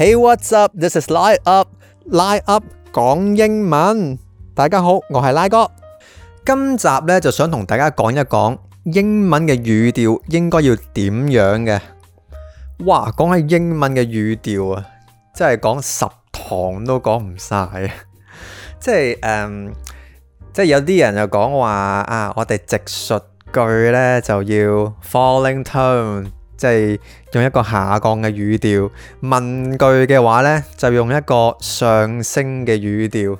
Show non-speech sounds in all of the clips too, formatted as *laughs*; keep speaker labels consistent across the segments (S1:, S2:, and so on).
S1: Hey, what's up? This is Lai UP. Lai UP 講英文，大家好，我係拉哥。今集呢就想同大家講一講英文嘅語調應該要點樣嘅。哇，講起英文嘅語調啊，真係講十堂都講唔晒。即係誒，即係有啲人就講話啊，我哋直述句呢就要 falling tone。即係用一個下降嘅語調，問句嘅話呢，就用一個上升嘅語調，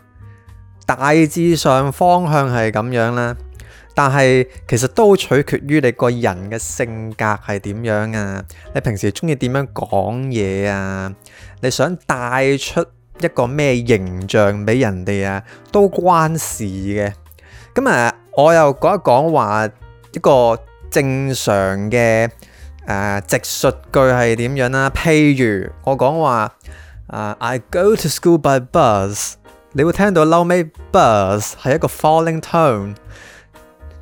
S1: 大致上方向係咁樣啦。但係其實都取決於你個人嘅性格係點樣啊，你平時中意點樣講嘢啊，你想帶出一個咩形象俾人哋啊，都關事嘅。咁啊，我又講一講話一個正常嘅。誒，uh, 直述句係點樣啦？譬如我講話誒、uh，I go to school by bus，你會聽到落尾 bus 係一個 falling tone。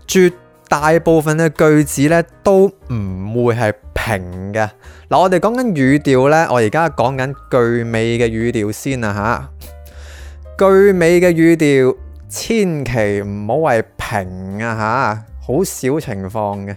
S1: 絕大部分嘅句子咧都唔會係平嘅。嗱，我哋講緊語調咧，我而家講緊句尾嘅語調先啊，吓，句尾嘅語調，千祈唔好係平啊，吓，好少情況嘅。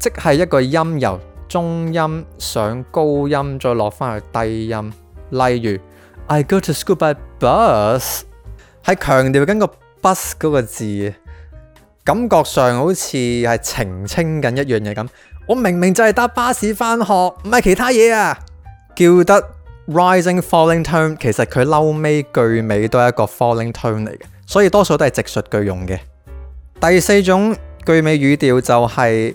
S1: 即係一個音由中音上高音，再落翻去低音。例如，I go to school by bus，係強調緊個 bus 嗰個字，感覺上好似係澄清緊一樣嘢咁。我明明就係搭巴士翻學，唔係其他嘢啊。叫得 rising falling tone，其實佢嬲尾句尾都係一個 falling tone 嚟嘅，所以多數都係直述句用嘅。第四種句尾語調就係、是。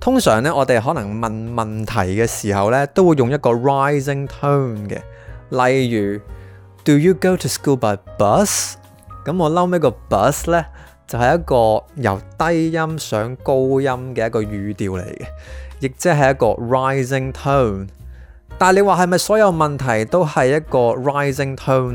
S1: 通常呢，我哋可能問問題嘅時候呢，都會用一個 rising tone 嘅。例如，Do you go to school by bus? 咁我嬲尾個 bus 呢就係一個由低音上高音嘅一個語調嚟嘅，亦即係一個 rising tone。但係你話係咪所有問題都係一個 rising tone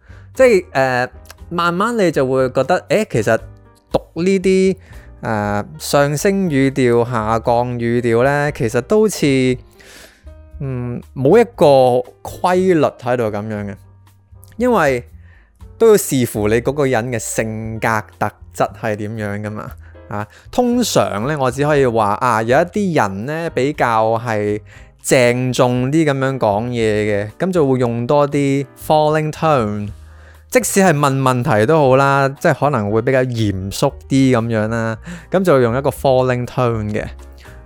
S1: 即係誒、呃，慢慢你就會覺得誒，其實讀呢啲誒上升語調、下降語調咧，其實都好似嗯冇一個規律喺度咁樣嘅，因為都要視乎你嗰個人嘅性格特質係點樣噶嘛啊。通常咧，我只可以話啊，有一啲人咧比較係鄭重啲咁樣講嘢嘅，咁就會用多啲 falling tone。即使係問問題都好啦，即係可能會比較嚴肅啲咁樣啦，咁就用一個 falling tone 嘅，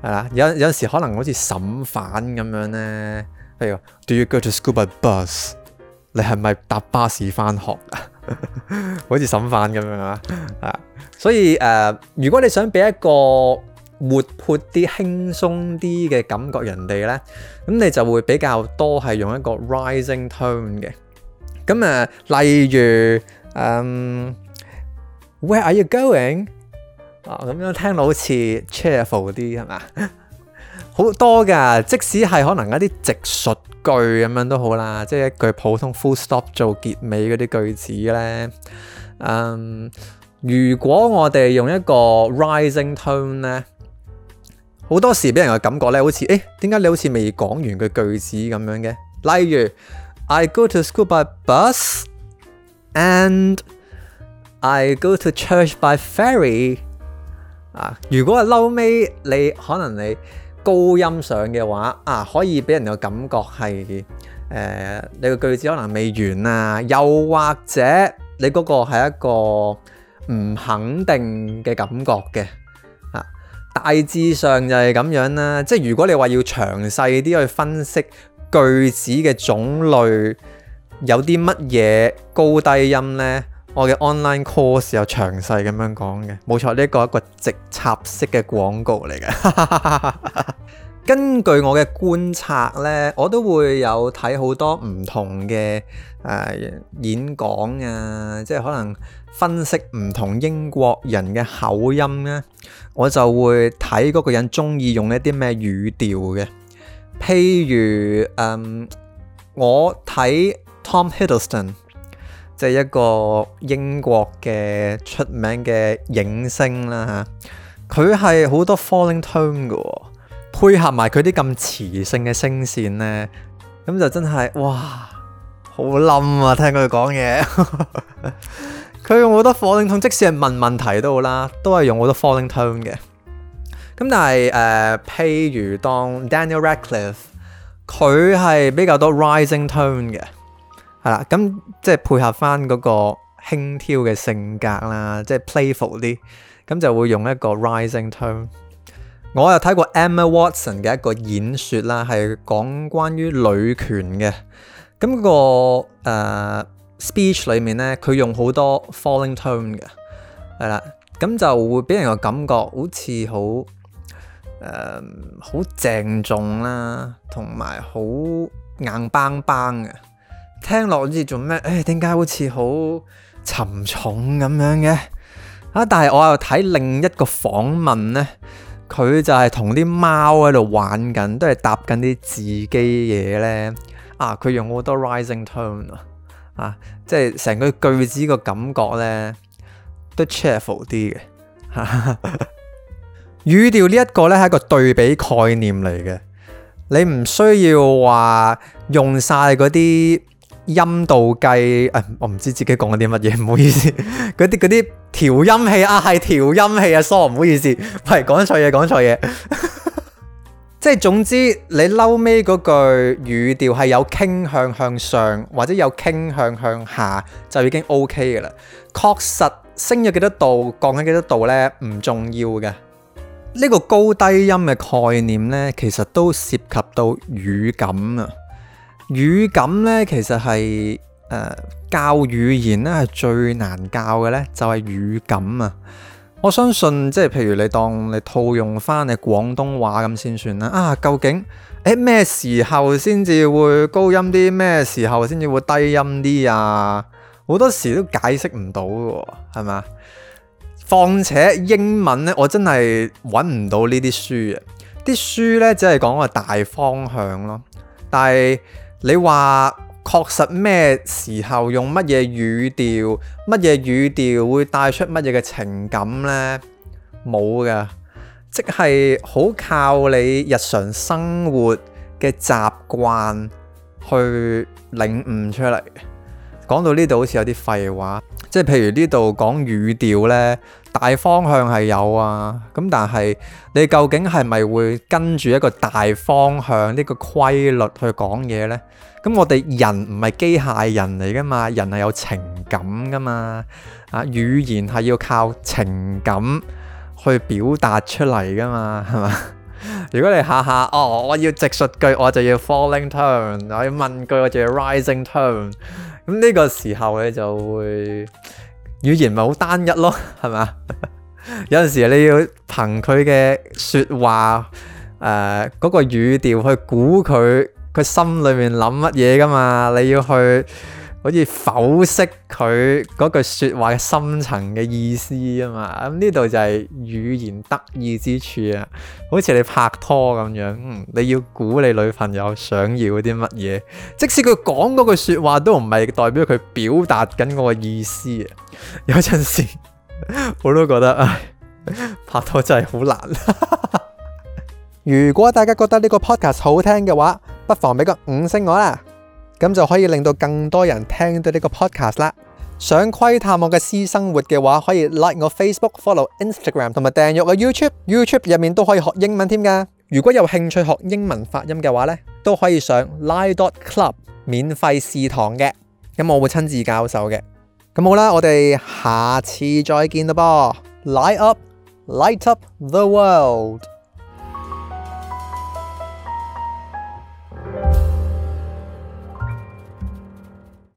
S1: 係啦。有有陣時可能好似審犯咁樣咧，譬如。Do you go to school by bus？你係咪搭巴士翻學啊？好似審犯咁樣啊，啊！所以誒，如果你想俾一個活潑啲、輕鬆啲嘅感覺人哋咧，咁你就會比較多係用一個 rising tone 嘅。咁啊、嗯，例如，嗯，Where are you going？啊、哦，咁樣聽到好似 cheerful 啲係嘛？好 *laughs* 多噶，即使係可能一啲直述句咁樣都好啦，即係一句普通 full stop 做結尾嗰啲句子咧。嗯，如果我哋用一個 rising tone 咧，好多時俾人嘅感覺咧，好似誒點解你好似未講完個句子咁樣嘅？例如。I go to school by bus，and I go to church by ferry。啊，如果後尾你可能你高音上嘅話，啊，可以俾人嘅感覺係誒、呃、你個句子可能未完啊，又或者你嗰個係一個唔肯定嘅感覺嘅啊，大致上就係咁樣啦。即係如果你話要詳細啲去分析。句子嘅種類有啲乜嘢高低音呢？我嘅 online course 有詳細咁樣講嘅，冇錯呢、這個係一個直插式嘅廣告嚟嘅。 *laughs* 根據我嘅觀察呢，我都會有睇好多唔同嘅誒、呃、演講啊，即係可能分析唔同英國人嘅口音呢、啊，我就會睇嗰個人鍾意用一啲咩語調嘅。譬如誒、嗯，我睇 Tom Hiddleston，即係一個英國嘅出名嘅影星啦嚇。佢係好多 falling tone 嘅、哦，配合埋佢啲咁磁性嘅聲線咧，咁就真係哇，好冧啊！聽佢講嘢，佢 *laughs* 用好多 falling tone，即使係問問題都好啦，都係用好多 falling tone 嘅。咁但係誒，譬如當 Daniel Radcliffe 佢係比較多 rising tone 嘅，係啦，咁即係配合翻嗰個輕佻嘅性格啦，即係 playful 啲，咁就會用一個 rising tone。我又睇過 Emma Watson 嘅一個演説啦，係講關於女權嘅，咁個誒 speech 裡面咧，佢用好多 falling tone 嘅，係啦，咁就會俾人個感覺好似好。誒，好鄭 um, 重啦，啊，同埋好硬邦邦嘅，聽落好似做咩？誒、哎，點解好似好沉重咁樣嘅？啊，但係我又睇另一個訪問咧，佢就係同啲貓喺度玩緊，都係搭緊啲自己嘢咧。啊，佢用好多 rising tone 啊，啊，即係成個句子個感覺咧都 cheerful 啲嘅。 *laughs* 語調呢一個呢係一個對比概念嚟嘅，你唔需要話用晒嗰啲音度計，誒，我唔知自己講緊啲乜嘢，唔好意思，嗰啲嗰啲調音器啊，係調音器啊，sorry，唔好意思，係講錯嘢，講錯嘢， *laughs* 即係總之你嬲尾嗰句語調係有傾向向上或者有傾向向下就已經 O K 嘅啦，確實升咗幾多度，降咗幾多度呢，唔重要嘅。呢個高低音嘅概念呢，其實都涉及到語感啊。語感呢，其實係誒、呃、教語言咧係最難教嘅呢，就係、是、語感啊。我相信即係譬如你當你套用返你廣東話咁先算啦。啊，究竟誒咩時候先至會高音啲？咩時候先至會低音啲啊？好多時都解釋唔到嘅喎，係嘛？況且英文呢，我真係揾唔到呢啲書啊！啲書呢，只係講個大方向咯，但係你話確實咩時候用乜嘢語調，乜嘢語調會帶出乜嘢嘅情感呢？冇㗎，即係好靠你日常生活嘅習慣去領悟出嚟。講到呢度好似有啲廢話，即係譬如呢度講語調呢，大方向係有啊，咁但係你究竟係咪會跟住一個大方向呢個規律去講嘢呢？咁我哋人唔係機械人嚟噶嘛，人係有情感噶嘛，啊語言係要靠情感去表達出嚟噶嘛，係嘛？ *laughs* 如果你下下哦，我要直述句我就要 falling tone，我要問句我就要 rising tone。咁呢個時候咧就會語言咪好單一咯，係咪？ *laughs* 有陣時你要憑佢嘅説話，誒、呃、嗰、嗰個語調去估佢佢心裏面諗乜嘢㗎嘛，你要去。好似剖析佢嗰句說話嘅深層嘅意思啊嘛，咁呢度就係語言得意之處啊！好似你拍拖咁樣，嗯，你要估你女朋友想要啲乜嘢，即使佢講嗰句說話都唔係代表佢表達緊嗰個意思啊！有陣時我都覺得，唉，拍拖真係好難。 *laughs* 如果大家覺得呢個 podcast 好聽嘅話，不妨俾個五星我啦。咁就可以令到更多人聽到呢個 podcast 啦。想窺探我嘅私生活嘅話，可以 like 我 Facebook、follow Instagram 同埋訂閲啊 YouTube。YouTube 入面都可以學英文添㗎。如果有興趣學英文發音嘅話呢都可以上 Lai Dot Club 免費試堂嘅。咁我會親自教授嘅。咁好啦，我哋下次再見啦噃。Light up，light up the world。